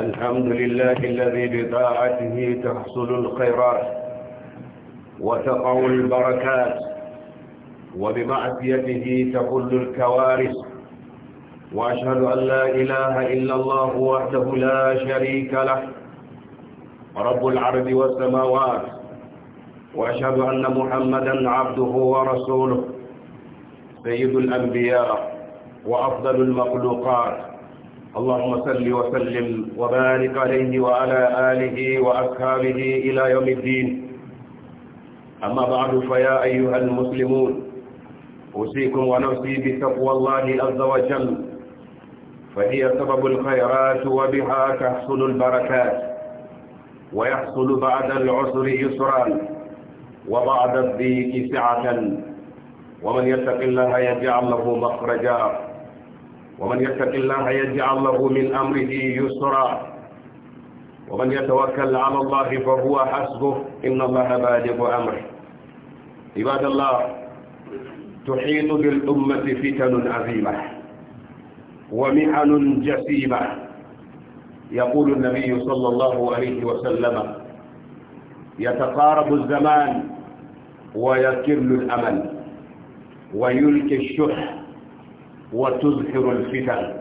الحمد لله الذي بطاعته تحصل الخيرات وتقع البركات وبمعصيته تقل الكوارث وأشهد أن لا إله إلا الله وحده لا شريك له رب العرض والسماوات وأشهد أن محمدا عبده ورسوله سيد الأنبياء وأفضل المخلوقات اللهم صل وسلم وبارك عليه وعلى آله وأصحابه إلى يوم الدين أما بعد فيا أيها المسلمون أوصيكم ونفسي بتقوى الله عز وجل فهي سبب الخيرات وبها تحصل البركات ويحصل بعد العسر يسرا وبعد الضيق سعة ومن يتق الله يجعل له مخرجا ومن يتق الله يجعل له من أمره يسرا ومن يتوكل على الله فهو حسبه إن الله بالغ أمره عباد الله تحيط بالأمة فتن عظيمة ومحن جسيمة يقول النبي صلى الله عليه وسلم يتقارب الزمان ويكل الأمل ويلقي الشح وتظهر الفتن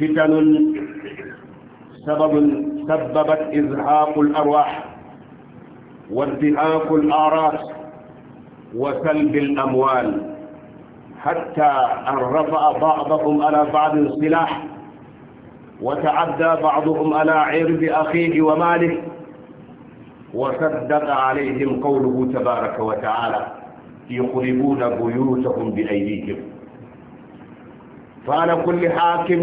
فتن سبب سببت إزهاق الأرواح وانتهاك الأعراس وسلب الأموال حتى أن رفع بعضهم على بعض السلاح وتعدى بعضهم على عرض أخيه وماله وصدق عليهم قوله تبارك وتعالى يقربون بيوتهم بأيديهم فعلى كل حاكم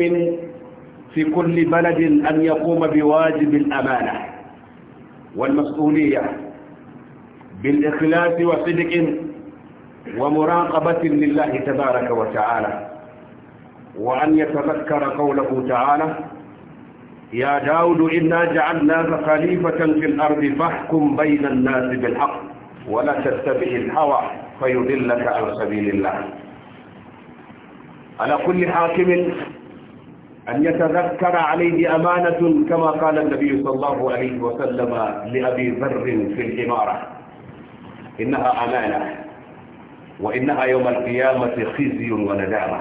في كل بلد أن يقوم بواجب الأمانة والمسؤولية بالإخلاص وصدق ومراقبة لله تبارك وتعالى وأن يتذكر قوله تعالى يا داود إنا جعلناك خليفة في الأرض فاحكم بين الناس بالحق ولا تتبع الهوى فيضلك عن سبيل الله على كل حاكم أن يتذكر عليه أمانة كما قال النبي صلى الله عليه وسلم لأبي ذر في الإمارة إنها أمانة وإنها يوم القيامة خزي وندامة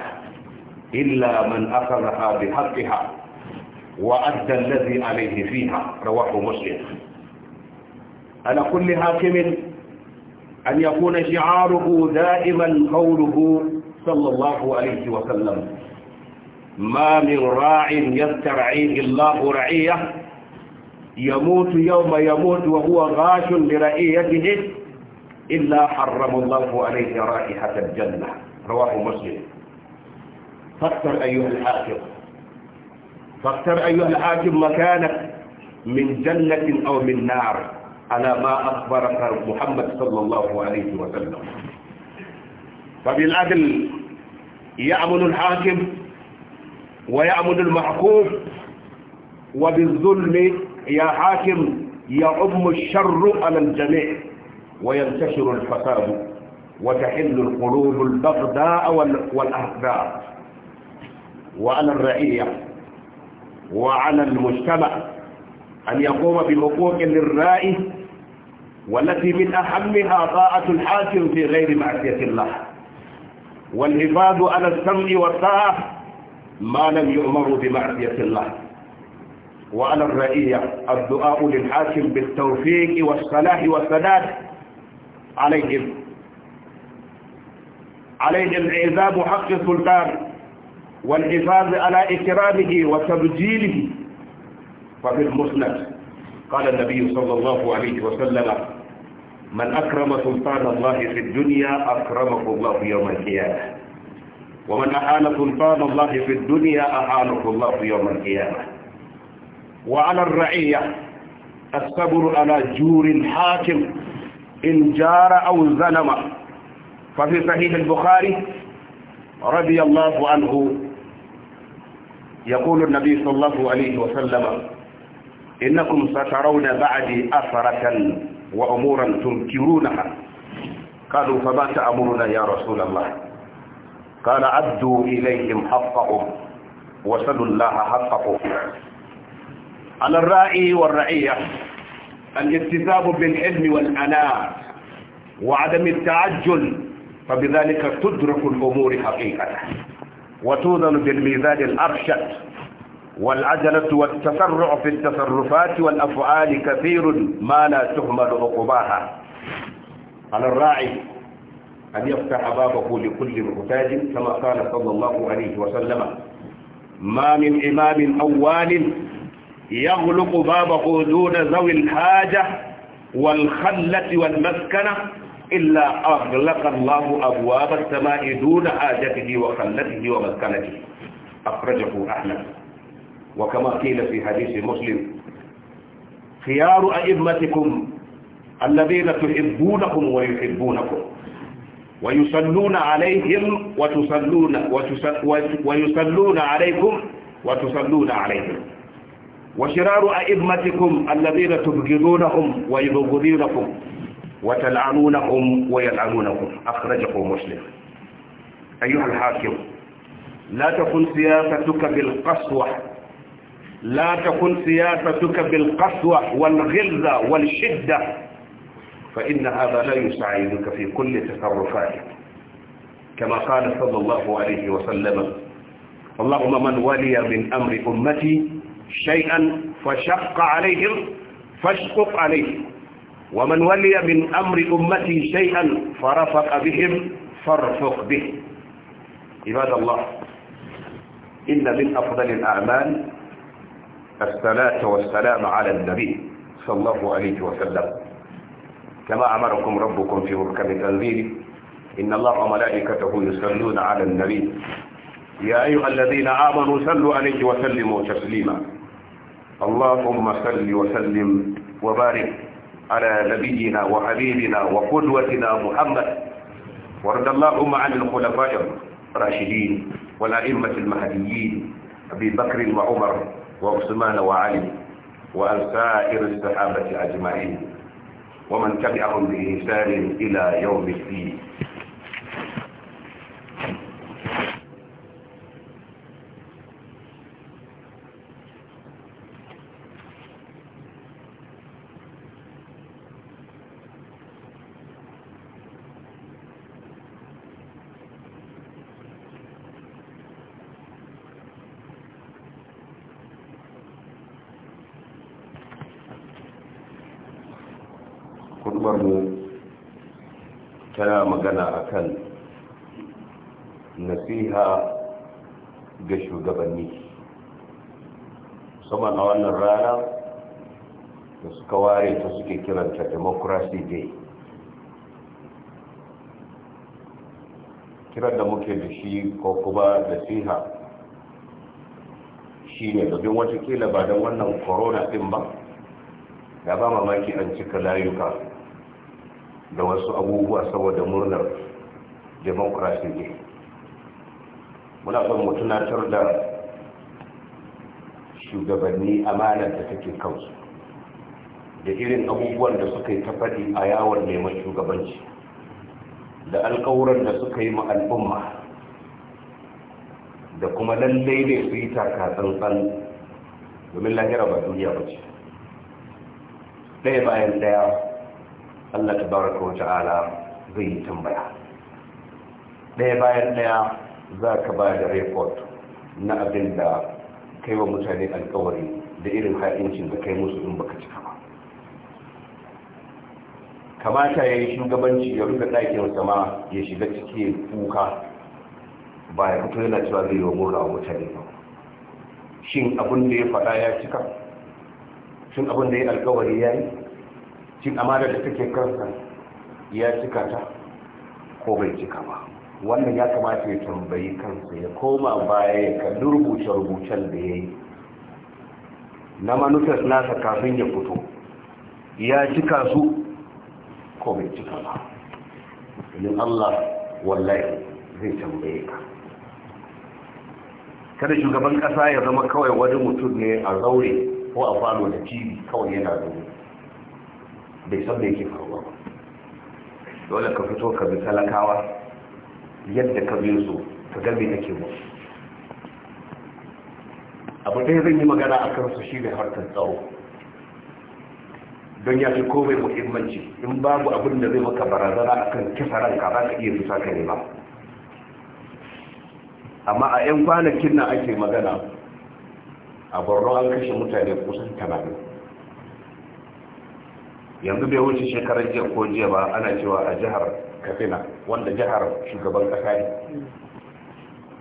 إلا من أخذها بحقها وأدى الذي عليه فيها رواه مسلم على كل حاكم أن يكون شعاره دائما قوله صلى الله عليه وسلم ما من راع يسترعيه الله رعيه يموت يوم يموت وهو غاش لرعيته إلا حرم الله عليه رائحة الجنة رواه مسلم فاختر أيها الحاكم فاختر أيها الحاكم مكانك من جنة أو من نار على ما أخبرك محمد صلى الله عليه وسلم فبالعدل يعمل الحاكم ويعمل المحكوم وبالظلم يا حاكم يعم الشر على الجميع وينتشر الفساد وتحل القلوب البغداء والأهداء وعلى الرعية وعلى المجتمع أن يقوم بحقوق للرائي والتي من أهمها طاعة الحاكم في غير معصية الله والحفاظ على السمع والطاعة ما لم يؤمروا بمعصية الله وعلى الرئية الدعاء للحاكم بالتوفيق والصلاح والسداد عليهم عليهم عذاب حق السلطان والحفاظ على إكرامه وتبجيله ففي المسند قال النبي صلى الله عليه وسلم من أكرم سلطان الله في الدنيا أكرمه الله يوم القيامة ومن أحال سلطان الله في الدنيا أحاله الله يوم القيامة وعلى الرعية الصبر على جور الحاكم إن جار أو ظلم ففي صحيح البخاري رضي الله عنه يقول النبي صلى الله عليه وسلم إنكم سترون بعدي أثرة وأمورا تنكرونها قالوا فما تأمرنا يا رسول الله قال عدوا إليهم حقهم وسلوا الله حقهم على الرأي والرعية الالتزام بالعلم والأناء وعدم التعجل فبذلك تدرك الأمور حقيقتها وتوزن بالميزان الأرشد والعجلة والتسرع في التصرفات والأفعال كثير ما لا تهمل عقباها على الراعي أن يفتح بابه لكل محتاج كما قال صلى الله عليه وسلم ما من إمام أوال يغلق بابه دون ذوي الحاجة والخلة والمسكنة إلا أغلق الله أبواب السماء دون حاجته وخلته ومسكنته أخرجه أحمد وكما قيل في حديث مسلم خيار أئمتكم الذين تحبونهم ويحبونكم ويصلون عليهم وتصلون ويصلون عليكم وتصلون عليهم وشرار أئمتكم الذين تبغضونهم ويبغضونكم وتلعنونهم ويلعنونكم أخرجه مسلم أيها الحاكم لا تكن سياستك بالقسوة لا تكن سياستك بالقسوة والغلظة والشدة فإن هذا لا يساعدك في كل تصرفاتك كما قال صلى الله عليه وسلم اللهم من ولي من أمر أمتي شيئا فشق عليهم فاشقق عليه ومن ولي من أمر أمتي شيئا فرفق بهم فارفق به عباد الله إن من أفضل الأعمال الصلاة والسلام على النبي صلى الله عليه وسلم كما أمركم ربكم في مركب تنزيل إن الله وملائكته يصلون على النبي يا أيها الذين آمنوا صلوا عليه وسلموا تسليما اللهم صل وسلم وبارك على نبينا وحبيبنا وقدوتنا محمد وارض اللهم عن الخلفاء الراشدين والأئمة المهديين أبي بكر وعمر وعثمان وعلي وعن سائر الصحابة أجمعين ومن تبعهم بإنسان إلى يوم الدين nasiha ga shugabanni a wannan rana da suka ware ta suke kiranta democracy day kiran da muke da shi ko kuma nasiha shi ne domin watakila ba don wannan corona din ba da ba mamaki an cika layuka da wasu abubuwa saboda murnar democracy day muna son mu tunatar da shugabanni amanar da take kansu da irin abubuwan da suka yi ta faɗi a yawon neman shugabanci da alkawuran da suka yi ma al'umma da kuma lallai ne su yi taka tsantsan domin lahira ba duniya ba ce ɗaya bayan ɗaya allah ta baraka wata'ala zai yi tambaya ɗaya bayan ɗaya za ka ba da report na abin da kai wa mutane alkawari da irin ha'incin da kai musu in baka cika ba kamata ya yi shugabanci ya rufe ɗakin sama ya shiga cike kuka ba ya fito yana cewa zai yi wa murna wa mutane ba shin abin da ya faɗa ya cika shin abin da ya alkawari ya yi shin amana da take kansa ya cika ta ko bai cika ba wannan ya kamata ya tambayi kansa ya koma baya ya kalli rubuce-rubucen da ya yi na manufar nasa kafin ya fito ya cika su ko bai cika ba in Allah wallahi zai tambaye ka kada shugaban kasa ya zama kawai wani mutum ne a zaure ko a falo da tv kawai yana zaune bai san da yake faruwa dole ka fito ka bi talakawa yadda ka bi su ka gami me musu abu ɗaya zan yi magana a kansu shi ne harkar tsaro don ya fi komai muhimmanci in babu abin da zai maka barazana a kan kisa ranka za ka iya zuta ka nema amma a 'yan kwanakin na ake magana a borno an kashe mutane kusan tamanin yanzu bai wuce shekarar jiya ko jiya ba ana cewa a jihar katsina wanda jihar shugaban kasa ne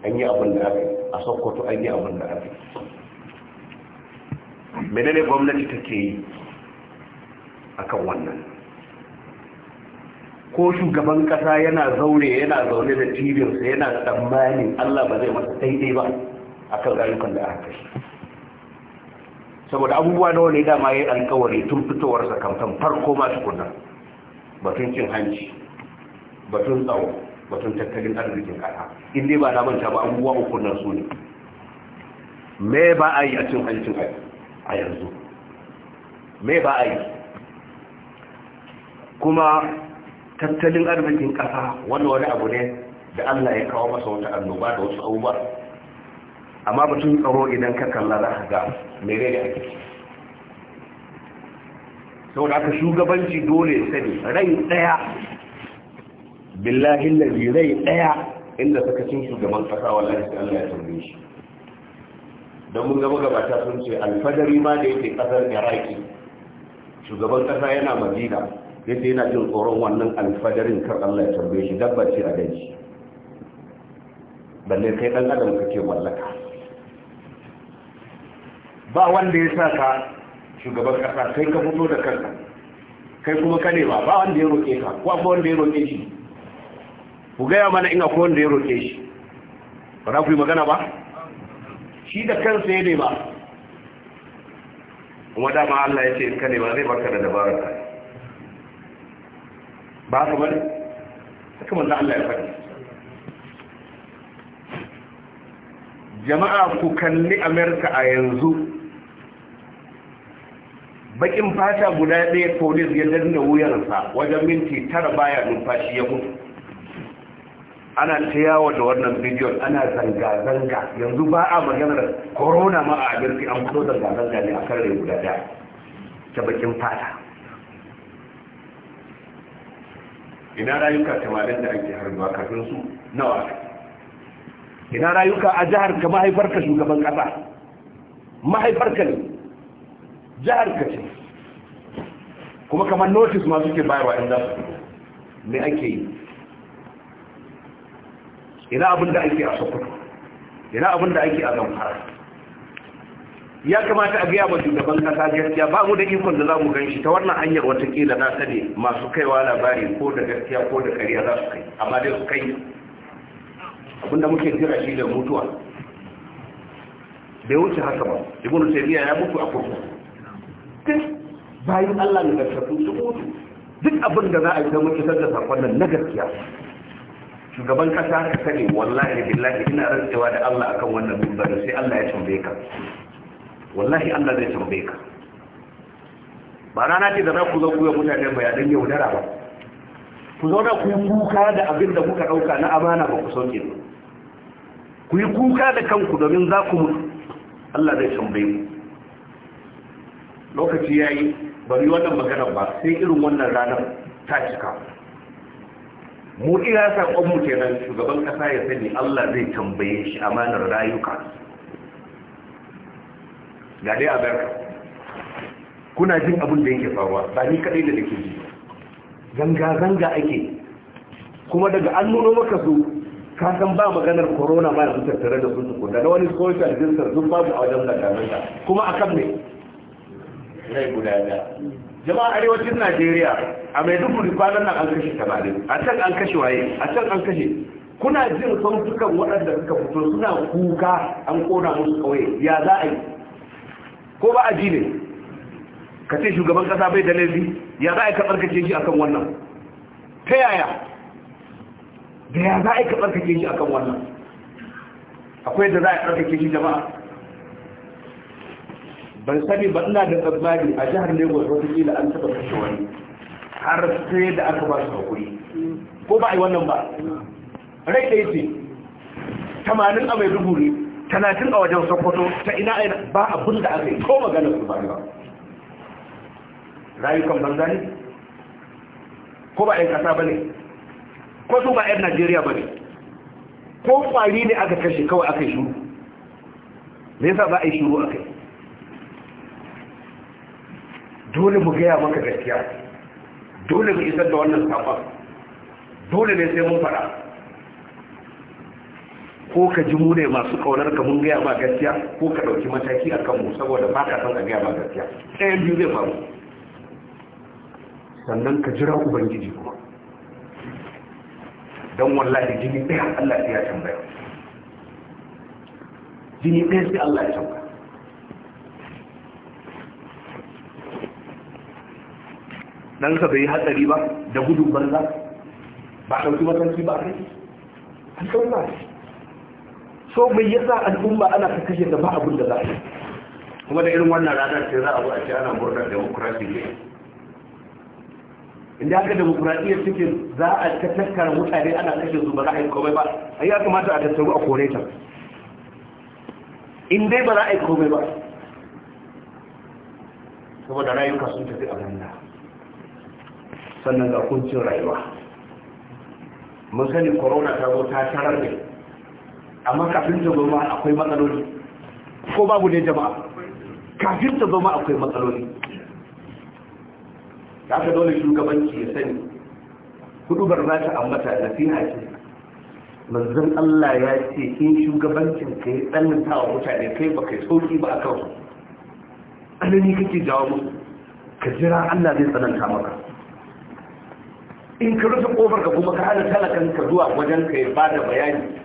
an yi abin da aka a sokoto an yi abin da aka menene gwamnati take yi akan wannan ko shugaban kasa yana zaune yana zaune da tibinsa yana tsammanin allah ba zai masa daidai ba akan rayukan da aka yi saboda abubuwa nawa ne dama ya yi alkawari tun fitowarsa kamfan farko masu kunna batun cin hanci batun tsawo, batun tattalin arzikin kasa in dai ba na manta ba abubuwa uku nan su ne me ba a yi a cin hancin a yanzu me ba a yi kuma tattalin arzikin kasa wani wani abu ne da Allah ya kawo masa wata annoba da wasu abubuwa amma batun tsaro idan ka kalla za ka ga mere ne ake sau da aka shugabanci dole sani rai daya billahi lalli rai ɗaya inda suka cin shugaban ƙasa wallahi sai Allah ya tambaye shi don mun gaba gabata sun ce alfadari ma da yake ƙasar iraki shugaban ƙasa yana madina yadda yana jin tsoron wannan alfadarin kar Allah ya tambaye shi dabba ce a daji balle kai ɗan adam kake mallaka ba wanda ya sa ka shugaban ƙasa kai ka fito da kanka kai kuma ka ne ba ba wanda ya roƙe ka ko ba wanda ya roƙe shi ku gaya mana ina ko wanda ya roƙe shi ba za ku yi magana ba shi da kansa ya nema kuma dama Allah ya ce in ka nema zai barka da dabarar ka ba haka bane haka za Allah ya faɗi jama'a ku kalli amerika a yanzu bakin fata guda ɗaya polis ya danna wuyarsa wajen minti tara baya numfashi ya mutu ana ta yawo da wannan bidiyon ana zanga-zanga yanzu ba a maganar corona ma a abirki an fito zanga-zanga ne a kan rai guda da ta bakin fata ina rayuka tamanin da ake harbuwa kafin su nawa ina rayuka a jihar ka mahaifarka shugaban kasa mahaifarka ne jihar ka ce kuma kamar notice ma suke bayarwa inda za su me ake yi ina abin da ake a sokoto ina abin da ake a zamfara ya kamata a gaya wa shugaban kasa gaskiya ba mu da ikon da za mu gan shi ta wannan hanyar watakila na sani masu kaiwa labari ko da gaskiya ko da kariya za su kai amma dai su kai abinda muke jira shi da mutuwa bai wuce haka ba ibnu taymiya ya mutu a kurkuku bayan Allah ne da su mutu duk abin da za a yi da muke da sakon nan na gaskiya shugaban kasa ka sani wallahi billahi ina rantsewa da Allah akan wannan mimbarin sai Allah ya tambaye ka wallahi Allah zai tambaye ka ba rana ce da za ku zo ku yi mutane bayanan yaudara ba ku zo da ku yi kuka da abin da kuka ɗauka na amana ba ku sauke ba ku yi kuka da kanku domin za ku mutu Allah zai tambaye ku lokaci ya yi bari wannan maganar ba sai irin wannan ranar ta cika mu iya sakon ke nan shugaban kasa ya sani Allah zai tambaye shi amanar rayuka ga dai abarka kuna jin abin da yake faruwa ba ni kadai da nake ji zanga zanga ake kuma daga an nuno maka su ka san ba maganar corona ba yanzu tattare da sun tukunda na wani social distance sun babu a wajen zanga zanga kuma akan ne rai guda jama'a arewacin najeriya a maiduguri kwanan nan an kashe tamarin a can an kashe waye a can an kashe kuna jin sautukan waɗanda suka fito suna kuka an kona musu kawai ya za a yi ko ba a ji ne ka ce shugaban ƙasa bai da laifi ya za a yi ka tsarkake shi akan wannan ta yaya da ya za a yi ka tsarkake shi akan wannan akwai da za a yi tsarkake shi jama'a ban sani ba ina da tsammani a jihar lagos wata an taɓa kashe wani har sai da aka ba su hakuri ko ba a yi wannan ba rai ɗaya ce tamanin a mai dubu ne talatin a wajen sokoto ta ina aina ba abin da aka yi ko magana su ba ba rayukan banza ne ko ba 'yan kasa ba ne ko su ba 'yan najeriya ba ne ko kwari ne aka kashe kawai aka yi shuru me yasa ba a yi shuru aka yi dole mu gaya maka gaskiya dole mu isar da wannan saƙon dole ne sai mun faɗa ko ka ji mu ne masu ƙaunar ka mun gaya ma gaskiya ko ka ɗauki mataki a kanmu saboda ba ka san a gaya ma gaskiya ɗayan biyu zai faru sannan ka jira ubangiji kuma don wallahi jini ɗaya allah ya tambaya jini ɗaya sai allah ya tambaya ka bai yi hatsari ba da gudun banza ba ɗauki mataki ba kai an ɗauka so mai yasa al'umma ana ta kashe da ba abin da za a yi kuma da irin wannan ranar sai za a a ce ana murnar demokrasi ne inda haka demokradiyyar cikin za a ta takkar mutane ana kashe su ba za a yi komai ba a ya kamata a tattaru a kore ta in dai ba za a yi komai ba saboda rayuka sun tafi a banna sannan ga kuncin rayuwa mun sani corona ta zo ta tarar ne amma kafin ta zo ma akwai matsaloli ko babu ne jama'a kafin ta zo ma akwai matsaloli ta ka dole shugabanci ya sani hudubar za ta ambata nasiha ce manzon Allah ya ce in shugabancin ka yi tsananta wa mutane kai ba kai sauki ba a kansu anani kake jawo musu ka jira Allah zai tsananta maka in ka rufe kofar ka kuma ka hana talakan ka zuwa wajen ka ya bada bayani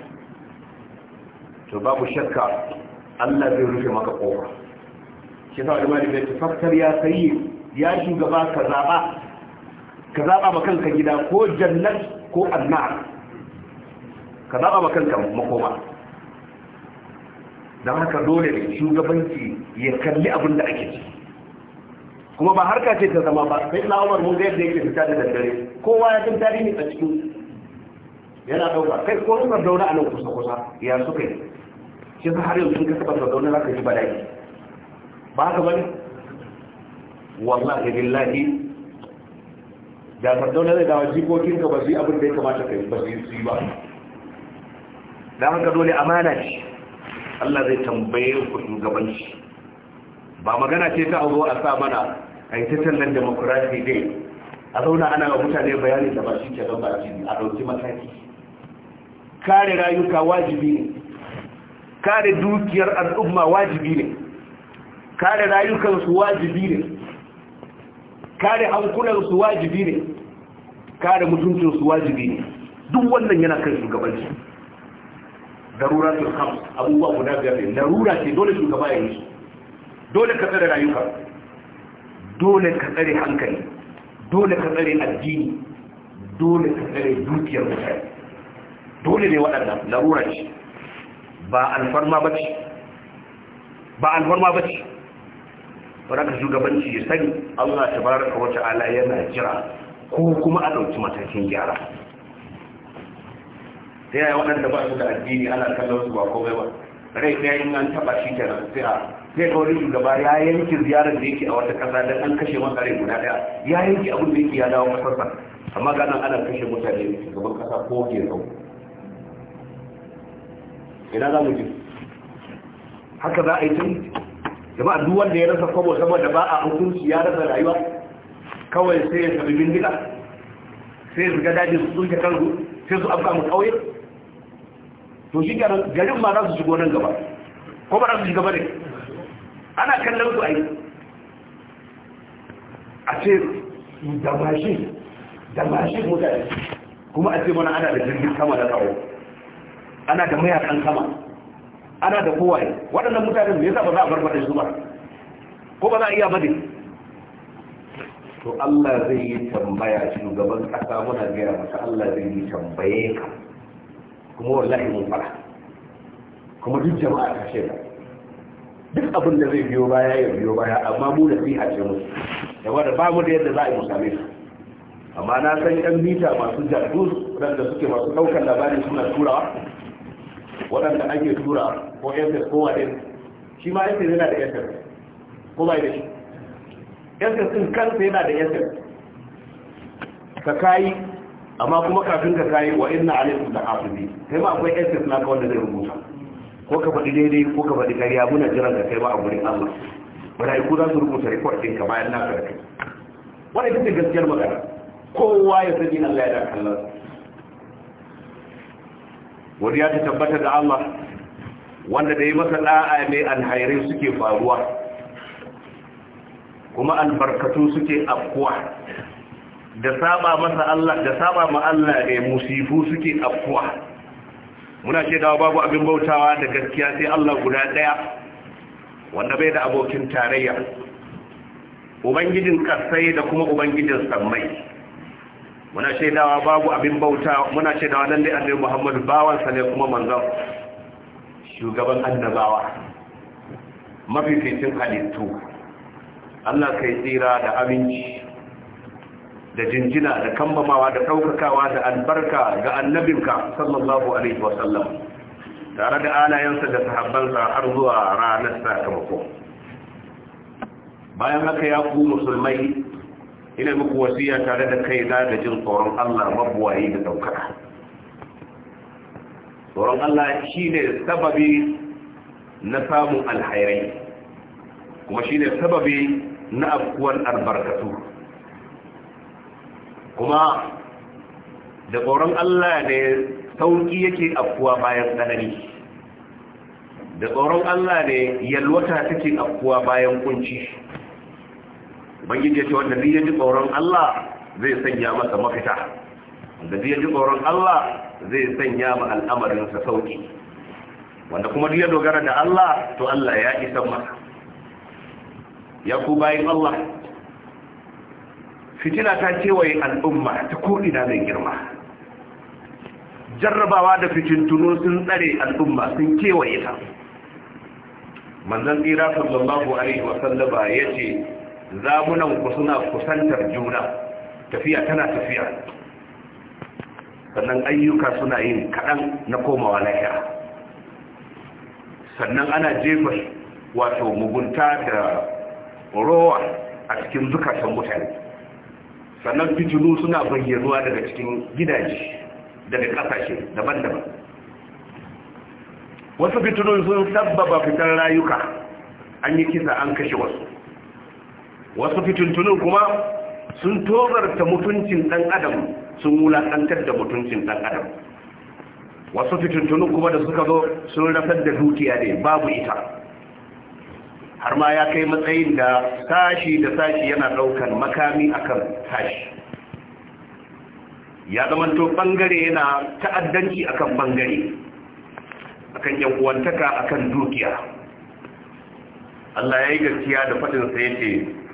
to babu shakka Allah zai rufe maka kofa shi sa wani malami ta fakkar ya sayi ya shugaba ka zaba ka zaba ma kanka gida ko jannat ko annar ka zaba ma kanka makoma don haka dole ne shugabanci ya kalli abin da ake ci kuma ba harka ce ta zama ba sai na umar mun ga yadda yake fita da daddare kowa ya san ne a cikin yana dauka kai ko sun dauna a nan kusa kusa ya suka yi shi sa har yanzu ka saba dauna za ka ji bala'i ba ka bane wallahi billahi da dauna zai dawo jikokin ka ba su yi abin da ya kamata ka yi ba su yi su yi ba da haka dole amana ce Allah zai tambaye ku shugabanci ba magana ce ta a zo a sa mana a yi ta tallan demokrasi dai a zauna ana wa mutane bayani da ba shi ke don ba a dauki mataki kare rayuka wajibi ne kare dukiyar al'umma wajibi ne kare rayukansu wajibi ne kare su wajibi ne kare mutuncinsu wajibi ne duk wannan yana kan shugabanci darura su kam abubuwa guda biyar ne darura ce dole shugaba ya yi dole ka tsare rayuka dole ka tsare hankali dole ka tsare addini dole ka tsare dukiyar mutane dole ne waɗannan larura ce ba alfarma ba ce ba alfarma ba ce wadanda shugabanci ya sani allah ta ka wata ala yana jira ko kuma a ɗauki matakin gyara ta yaya waɗanda ba su da addini ana kallon su ba komai ba rai ɗaya yi an taɓa shi kenan sai a sai kawai shugaba ya yanki ziyarar da yake a wata ƙasa da an kashe masa rai guda ɗaya ya yanki abin da yake ya dawo ƙasarsa amma ga nan ana kashe mutane shugaban ƙasa ko ke zau ina za mu ji haka za a yi tun jama'a duk wanda ya rasa kwabo saboda ba a hukunci ya rasa rayuwa kawai sai ya sabi bindiga sai su shiga dajin su tsunke kansu sai su afka mu ƙauye to shi garin ma za su shigo nan gaba ko ba za su shiga ba ne ana kallon su a yi a ce da mashin da mashin mutane kuma a ce mana ana da jirgin kama da tsawo ana da mayakan kama ana da kowaye waɗannan mutanen me yasa ba za a barbaɗe su ba ko ba za a iya bade to Allah zai yi tambaya shi gaban ƙasa muna gaya masa Allah zai yi tambaye ka kuma wallahi mun fara kuma duk jama'a ta ce. duk abin da zai biyo baya ya biyo baya amma mu da fi hace mu da ba mu da yadda za a yi mu same su amma na san yan mita masu jardus waɗanda suke masu ɗaukar labarin suna turawa waɗanda ake tura ko ss ko waɗe shi ma ss yana da ss ko bai da shi ss ɗin kansa yana da ss ka kayi amma kuma kafin ka kayi wa inna alaikum da hafizi kai ma akwai na kawai wanda zai rubuta ko ka faɗi daidai ko ka faɗi ƙarya muna jiran ka kai ba a gurin Allah mala'iku za su rubuta report ka bayan na da kai wannan ita ce gaskiyar magana kowa ya sani Allah ya da kallon wani ya ta tabbata da Allah wanda da yi masa da'a mai alhairi suke faruwa kuma albarkatu suke afkuwa da saba masa Allah da saba ma Allah ne musifu suke afkuwa muna ce da babu abin bautawa da gaskiya sai Allah guda daya wanda bai da abokin tarayya ubangijin kasai da kuma ubangijin sammai muna shaidawa babu abin bautawa muna shaidawa dai annabi Muhammadu bawansa ne kuma manzon shugaban annabawa mafificin halittu Allah kai tsira da aminci da jinjina da kambamawa da ɗaukakawa da albarka ga annabinka sallallahu alaihi wasallam tare da alayensa da sahabbansa har zuwa ranar sakamako bayan haka ya ku musulmai ina muku wasiya tare da kai da jin tsoron Allah mabuwayi da ɗaukaka tsoron Allah shi ne sababi na samun alhairai kuma shi ne sababi na afkuwar albarkatu kuma da tsoron Allah ne sauki yake afkuwa bayan tsanani da tsoron Allah ne yalwata take afkuwa bayan kunci ubangiji ce wanda zai ji tsoron Allah zai sanya masa mafita wanda zai ji tsoron Allah zai sanya ma al'amarinsa sauki wanda kuma duk ya dogara da Allah to Allah ya isa masa ya ku bayin Allah Fitila ta kewaye al'umma ta ko'ina mai girma jarrabawa da fitintuno sun tsare al'umma sun kewaye ta manzan tsira sallallahu alaihi wasallama ya ce zamunanku suna kusantar juna tafiya tana tafiya sannan ayyuka suna yin kaɗan na komawa lahira sannan ana jefa wato mugunta da rowa a cikin zukatan mutane sannan fitilu suna bayyanuwa daga cikin gidaje daga kasashe daban-daban wasu fitilun sun sabbaba fitar rayuka an yi kisa an kashe wasu wasu fitintunin kuma sun tozarta mutuncin ɗan adam sun wulaƙantar da mutuncin ɗan adam wasu fitintunin kuma da suka zo sun rafar da dukiya ne babu ita har ma ya kai matsayin da sashi da sashi yana ɗaukan makami akan sashi ya zamanto bangare yana ta'addanci akan bangare akan yankuwantaka akan dukiya Allah ya yi gaskiya da faɗinsa ya ce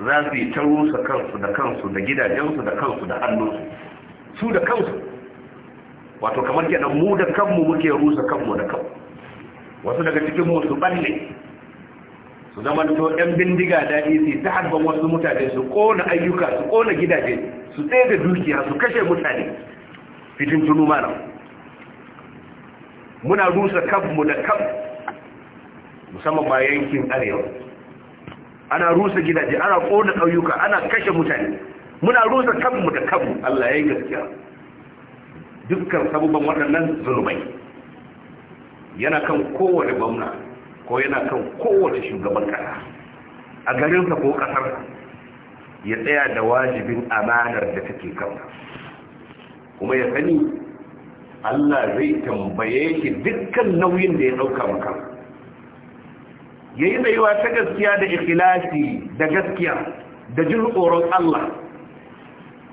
za su yi kansu da kansu da gidajensu da kansu da hannunsu su da kansu wato kamar kenan mu da kanmu muke rusa kanmu da kanmu wasu daga cikin mu su balle su zama to ɗan bindiga daɗi su ta harban wasu mutane su ƙona ayyuka su ƙona gidaje su tsaye da dukiya su kashe mutane fitin tunu mana muna rusa mu da kaf musamman ba yankin arewa ana rusa gidaje ana ƙona ayyuka, ana kashe mutane muna rusa mu da kaf Allah ya yi gaskiya dukkan sabubban waɗannan zulumai. yana kan kowane gwamna ko yana kan kowace shugaban kasa a garin ka ko kasar ya tsaya da wajibin amanar da take kansa kuma ya sani Allah zai tambaye shi dukkan nauyin da ya dauka maka yayi yawa ta gaskiya da ikhlasi da gaskiya da jin tsoron Allah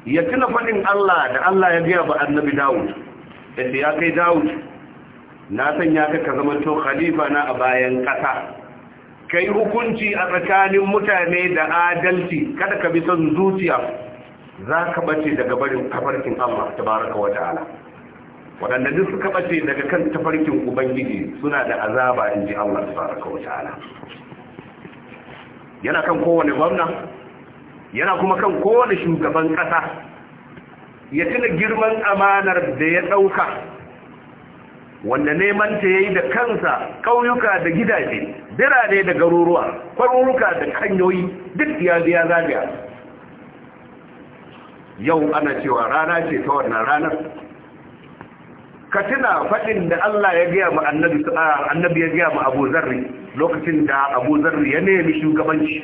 ya tuna faɗin Allah da Allah ya gaya ba annabi Dawud da ya kai Dawud na sanya ka ka zama to khalifa na a bayan kasa kai hukunci a tsakanin mutane da adalci kada ka bi son zuciya za ka bace daga barin tafarkin Allah tabaraka wa ta'ala waɗanda duk suka bace daga kan tafarkin ubangiji suna da azaba in ji Allah tabaraka wa ta'ala yana kan kowane gwamna yana kuma kan kowane shugaban ƙasa ya tuna girman amanar da ya ɗauka wanda neman ta yayi da kansa kauyuka da gidaje birane da garuruwa kwaruruka da hanyoyi duk ya biya zabiya yau ana cewa rana ce ta wannan ranar ka tuna faɗin da Allah ya gaya mu annabi annabi ya gaya mu Abu Zarri lokacin da Abu Zarri ya nemi shugabanci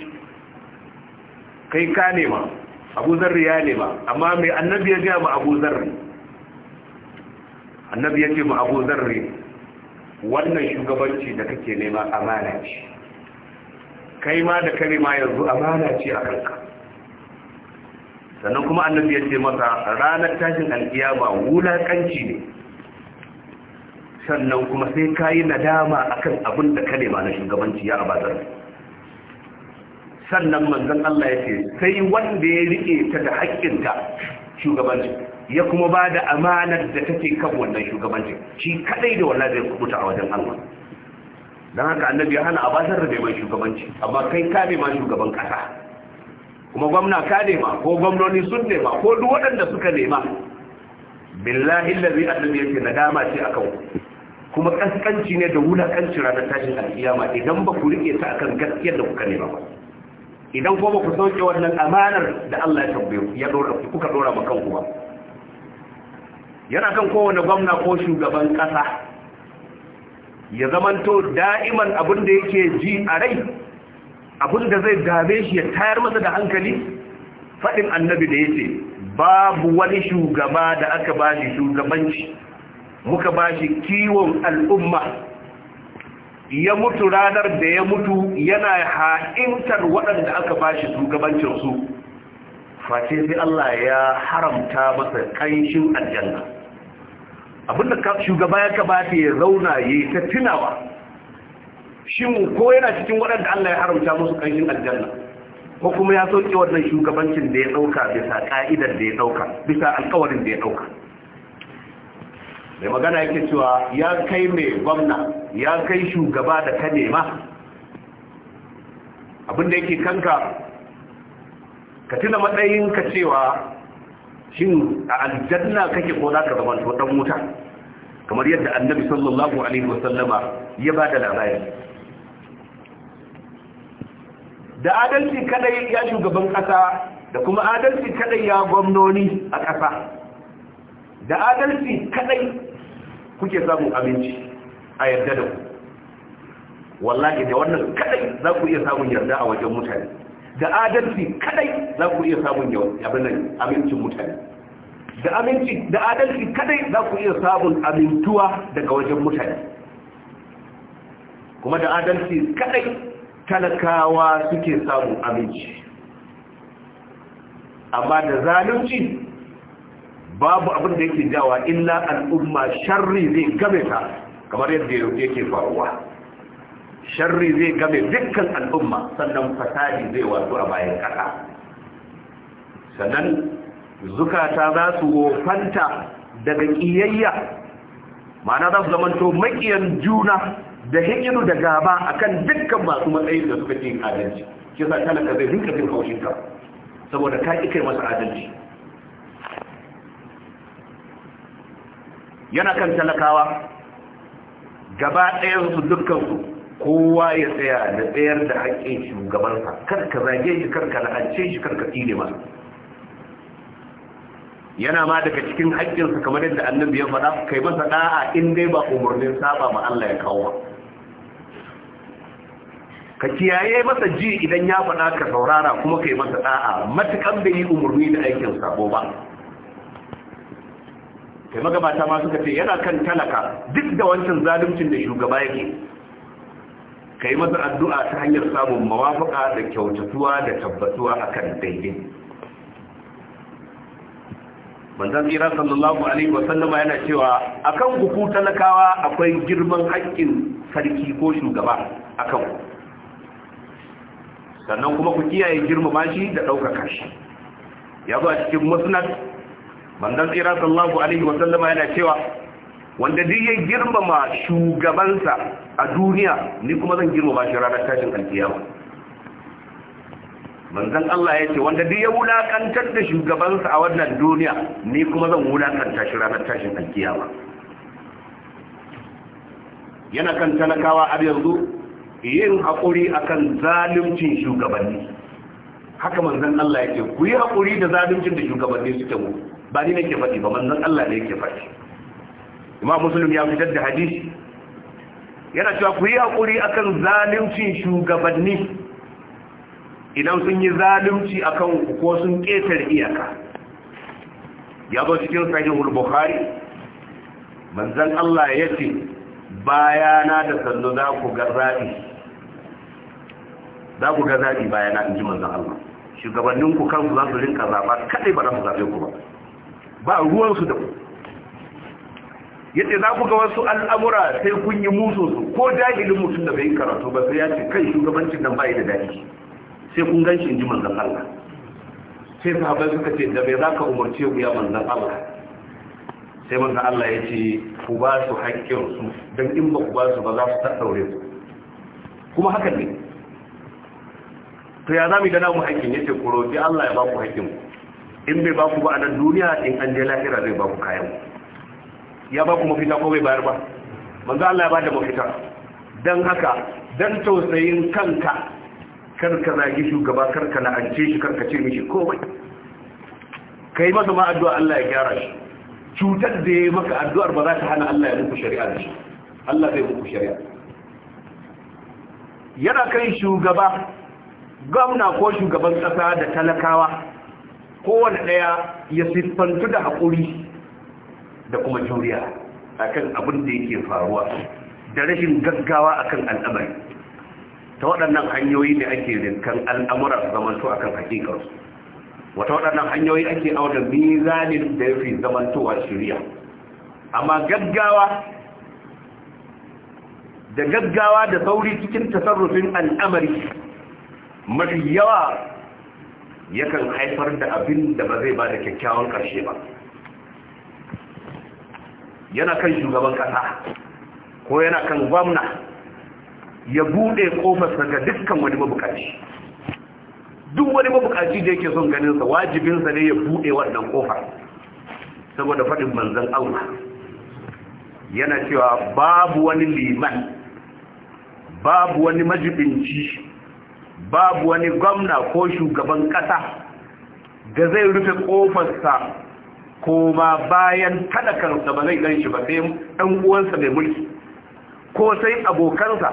kai ka nema Abu Zarri ya nema amma mai annabi ya gaya mu Abu Zarri annabi ya ce ma abu zarri wannan shugabanci da kake nema amana ce kai ma da kare ma yanzu amana ce a kanka sannan kuma annabi ya ce masa ranar tashin alkiyama wulakanci ne sannan kuma sai ka yi nadama akan abin da kare ma na shugabanci ya abazar sannan manzon Allah ya ce sai wanda ya rike ta da haƙƙinta shugabanci ya kuma ba da amanar da take kan wannan shugabanci shi kadai da wallahi zai kubuta a wajen Allah dan haka annabi ya hana abasar da mai shugabanci amma kai ka ne ma shugaban kasa kuma gwamna ka nema ko gwamnoni sun nema ko duk waɗanda suka nema billahi allazi annabi yake nadama ce akan kuma kaskanci ne da kanci ranar tashin alkiyama idan ba ku rike ta akan gaskiyar da kuka nema ba idan kuma ku sauke wannan amanar da Allah ya tabbaye ya dora kuka dora maka kanku ba yana kan kowane gwamna ko shugaban kasa ya zamanto da'iman abin da yake ji a rai abin da zai dame shi ya tayar masa da hankali faɗin annabi da ya ce babu wani shugaba da aka ba shi shugabanci muka ba shi kiwon al'umma ya mutu ranar da ya mutu yana ha'intar waɗanda aka ba shi shugabancinsu face sai Allah ya haramta masa ƙanshin aljanna abinda shugaba ya kamata ya zauna ya yi ta tunawa shin ko yana cikin waɗanda Allah ya haramta musu ƙanshin aljanna ko kuma ya sauke wannan shugabancin da ya ɗauka bisa ƙa'idar da ya ɗauka bisa alkawarin da ya ɗauka mai magana yake cewa ya kai mai gwamna ya kai shugaba da ta nema abinda yake kanka ka tuna ka cewa shin a aljanna kake ko za ka zama to dan wuta kamar yadda annabi sallallahu alaihi wasallama ya ba da labari da adalci kadai ya shugaban kasa da kuma adalci kadai ya gwamnoni a kasa da adalci kadai kuke samun abinci a yarda da ku wallahi da wannan kadai za ku iya samun yarda a wajen mutane da adalci kadai za ku iya samun yawan amincin mutane da aminci da adalci kadai za ku iya samun amintuwa daga wajen mutane kuma da adalci kadai talakawa suke samun aminci amma da zalunci babu abin da yake jawa illa al'umma sharri zai game ta kamar yadda yake faruwa sharri zai game dukkan al'umma sannan fasadi zai wato a bayan kasa sannan zukata za su wofanta daga kiyayya. ma'ana za su zamanto maƙiyan juna da hikinu da gaba akan dukkan masu matsayin da suka ce adalci shi sa talaka zai rinka jin haushinka saboda ka ƙi kai masa adalci yana kan talakawa gaba ɗayansu su kowa ya tsaya da tsayar da haƙƙin shugabansa kar ka zage shi kar ka la'ance shi kar ka tsire ba. yana ma daga cikin haƙƙinsa kamar yadda annabi ya faɗa kai masa da'a in dai ba umarnin saba ma Allah ya kawo ka kiyaye masa ji idan ya faɗa ka saurara kuma kai masa da'a matukan bai yi umarni da aikin sabo ba kai magabata ma suka ce yana kan talaka duk da wancan zaluncin da shugaba yake ka yi masa addu'a ta hanyar samun mawafaka da kyautatuwa da tabbatuwa a kan daidai manzan tsira sallallahu alaihi wasallama yana cewa akan kuku talakawa akwai girman haƙƙin sarki ko shugaba akan sannan kuma ku kiyaye girmama shi da ɗaukaka shi ya zo a cikin musnad manzan tsira sallallahu alaihi wasallama yana cewa wanda duk ya girmama shugabansa a duniya ni kuma zan girmama shi ranar tashin alkiyama manzan Allah ya ce wanda duk ya wulakantar da shugabansa a wannan duniya ni kuma zan wulakanta shi ranar tashin alkiyama yana kan talakawa har yanzu yin haƙuri akan zaluncin shugabanni haka manzan Allah ya ce ku yi haƙuri da zaluncin da shugabanni suke mu ba ni nake faɗi ba manzan Allah ne yake faɗi imam musulun ya fitar da hadisi yana cewa ku yi hakuri akan zaluncin shugabanni idan sun yi zalunci akan ko sun ƙetar iyaka ya zo cikin sahihul bukhari manzan Allah ya ce bayana da sallu za ku ga zabi za ku ga zabi bayana in ji manzan Allah shugabanninku kansu za su rinka zaɓa kaɗai ba za su zaɓe ku ba ba ruwansu da ku Yadda za ku ga wasu al'amura sai kun yi musu su ko jahilin mutum da bai karatu ba sai ya ce kai shugabancin nan bai da daji sai kun ganshi ji manzan Allah sai sahabbai suka ce da bai za ka umarce ku ya manzan Allah sai manzan Allah ya ce ku ba su haƙƙin su in ba ku ba su ba za su tattaure ku kuma haka ne to ya za mu gana mu haƙƙin ce ku roƙi Allah ya ba ku haƙƙin in bai ba ku ba a nan duniya in an je lahira zai ba ku kayan ku ya ba ku mafita ko bai bayar ba manzo Allah ya ba da mafita dan haka dan tausayin kanka karka zagi shugaba karka la'ance shi karka ce mishi komai kai masa ma addu'a Allah ya gyara shi cutar da ya maka addu'ar ba za ta hana Allah ya muku shari'a da shi Allah zai muku shari'a yana kai shugaba gwamna ko shugaban kasa da talakawa kowane ɗaya ya siffantu da haƙuri da kuma juriya a kan abin da yake faruwa da rashin gaggawa a kan al'amari ta waɗannan hanyoyi ne ake rinkan al'amuran zamanto kan hakikarsu wata waɗannan hanyoyi ake auna mizanin da ya fi zamantowa shirya amma gaggawa da gaggawa da sauri cikin tasarrufin al'amari mafi yawa yakan haifar da abin da ba zai ba da kyakkyawan ƙarshe ba yana kan shugaban kasa ko yana kan gwamna ya bude kofarsa ga dukkan wani mabukaci duk wani mabukaci da yake son ganinsa wajibinsa ne ya bude wannan kofar saboda faɗin manzan Allah yana cewa babu wani liman babu wani majibinci babu wani gwamna ko shugaban ƙasa da zai rufe ƙofarsa koma bayan talakar da ba zai ganshi ba sai ɗan uwansa mai mulki ko sai abokansa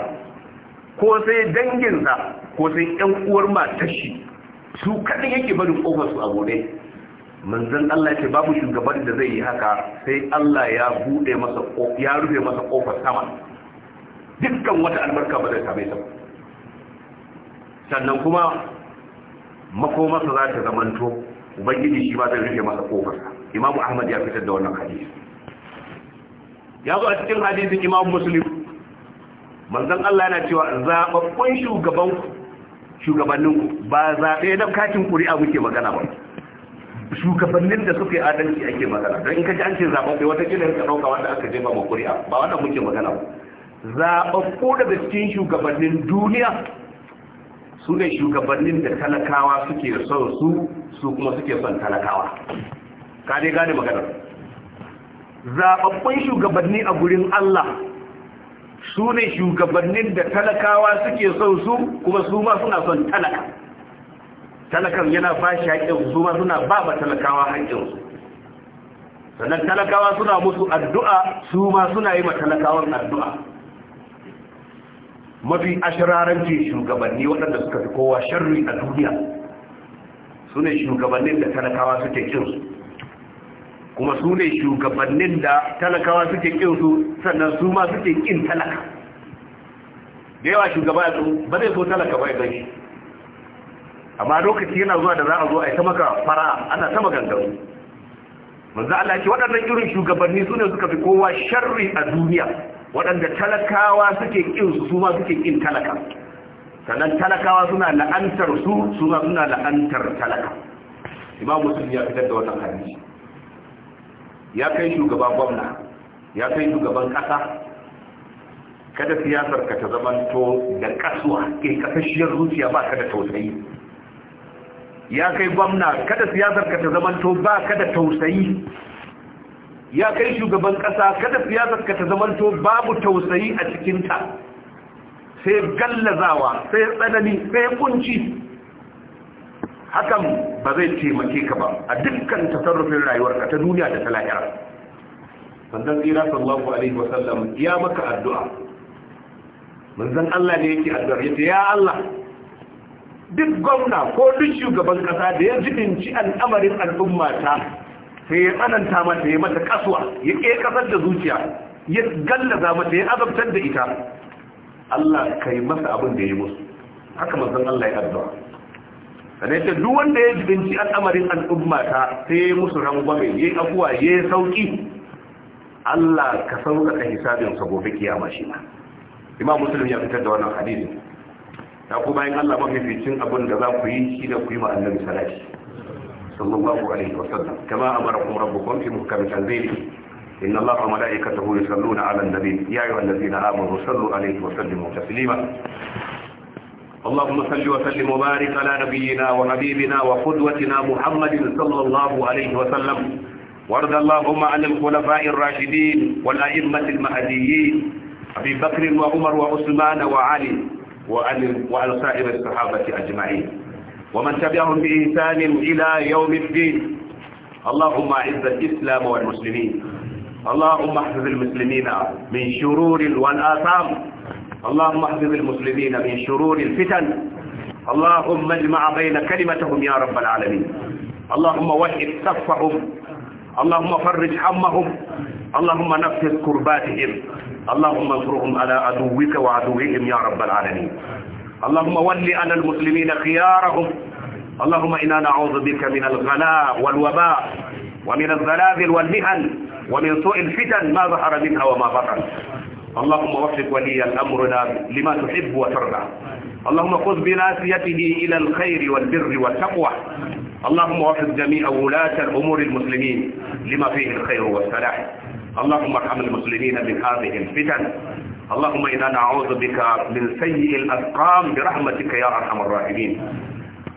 ko sai danginsa ko sai ɗan uwar matashi su kaɗin yake barin ƙofarsu a bude manzan Allah ce babu shugaban da zai yi haka sai Allah ya buɗe masa ya rufe masa ƙofar sama dukkan wata albarka ba zai same ta sannan kuma makomarsa za ta zamanto ubangiji shi ba zai rufe masa ƙofarsa imamu ahmad ya fitar da wannan hadisi ya zo a cikin hadisin imamu muslim manzon Allah yana cewa zababbun shugabanku shugabanninku ba zaɓe na katin ƙuri'a muke magana ba shugabannin da suka yi adalci ake magana don in ka ji an ce zaɓaɓɓe wata kila ka ɗauka wanda aka jefa ma ƙuri'a ba wannan muke magana ba zaɓaɓɓu daga cikin shugabannin duniya su ne shugabannin da talakawa suke son su su kuma suke son talakawa ka dai gane magana. zaɓaɓɓun shugabanni a gurin Allah su ne shugabannin da talakawa suke son su kuma su ma suna son talaka talakan yana ba shi haƙƙin su ma suna ba ba talakawa su sannan talakawa suna musu addu'a su ma suna yi ma talakawan addu'a mafi ashirarancin shugabanni waɗanda suka fi kowa sharri a duniya su ne shugabannin da talakawa suke kinsu kuma su ne shugabannin da talakawa suke kin su sannan su ma suke kin talaka da yawa shugaba ya tsohon ba zai so talaka ba ya gani amma lokaci yana zuwa da za a zo a yi ta maka fara ana sama maganganu manzo Allah ce waɗannan irin shugabanni su ne suka fi kowa sharri a duniya waɗanda talakawa suke kin su su ma suke kin talaka sannan talakawa suna la'antar su su ma suna la'antar talaka imam Musulmi ya fitar da wannan hadisi ya kai shugaban gwamna ya kai shugaban kasa kada siyasar ka ta to da kasuwa ke kasashiyar zuciya ba ka da tausayi ya kai gwamna kada siyasar ka ta to ba ka da tausayi ya kai shugaban kasa kada siyasar ka ta to babu tausayi a cikinta sai gallazawa sai tsanani sai kunci hakan ba zai taimake ka ba a dukkan tasarrufin rayuwarka ta duniya da ta lahira sannan tsira sallallahu alaihi wasallam ya maka addu'a manzon Allah ne yake addu'a yace ya Allah duk gwamna ko duk shugaban kasa da ya jibinci al'amarin al'umma ta sai ya tsananta mata ya mata kasuwa ya ke kasar da zuciya ya gallaza mata ya azabtar da ita Allah kai masa abin da ya yi musu haka manzon Allah ya addu'a sannan ta duk wanda ya jibinci al'amarin al'umma ta sai ya musu rangwame ya yi afuwa ya yi sauki Allah ka sauƙaƙa hisabinsa gobe kiyama shi ma imam musulun ya fitar da wannan hadisi ta ku bayan Allah mafificin abin da za ku yi shi da ku yi ma annabi salati sallallahu alaihi wasallam kama amarakum rabbukum fi muhkamin tanzili إن الله وملائكته يصلون على ya يا أيها الذين آمنوا صلوا عليه وسلموا تسليما اللهم صل وسلم وبارك على نبينا وحبيبنا وقدوتنا محمد صلى الله عليه وسلم وارض اللهم عن الخلفاء الراشدين والأئمة المهديين أبي بكر وعمر وعثمان وعلي وعن سائر الصحابة أجمعين ومن تبعهم بإحسان إلى يوم الدين اللهم أعز الإسلام والمسلمين اللهم احفظ المسلمين من شرور والآثام اللهم احفظ المسلمين من شرور الفتن اللهم اجمع بين كلمتهم يا رب العالمين اللهم وحد صفهم اللهم فرج همهم اللهم نفس كرباتهم اللهم انصرهم على عدوك وعدوهم يا رب العالمين اللهم ول على المسلمين خيارهم اللهم إنا نعوذ بك من الغلاء والوباء ومن الزلازل والمهن ومن سوء الفتن ما ظهر منها وما بطن اللهم وفق ولي الأمر لما تحب وترضى اللهم خذ بناسيته إلى الخير والبر والتقوى اللهم وفق جميع ولاة الأمور المسلمين لما فيه الخير والصلاح اللهم ارحم المسلمين من هذه الفتن اللهم إنا نعوذ بك من سيء الأسقام برحمتك يا أرحم الراحمين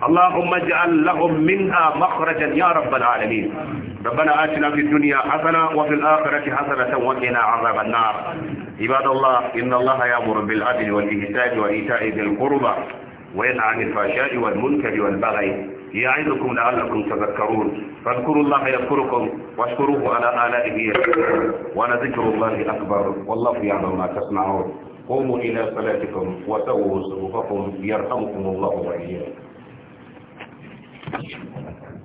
اللهم اجعل لهم منها مخرجا يا رب العالمين ربنا آتنا في الدنيا حسنة وفي الآخرة حسنة وقنا عذاب النار عباد الله إن الله يأمر بالعدل والإحسان وإيتاء ذي القربى وينهى عن الفحشاء والمنكر والبغي يعظكم لعلكم تذكرون فاذكروا الله يذكركم واشكروه على آلائه ولذكر الله أكبر والله يعلم ما تصنعون قوموا إلى صلاتكم وسووا صفوفكم يرحمكم الله وإياكم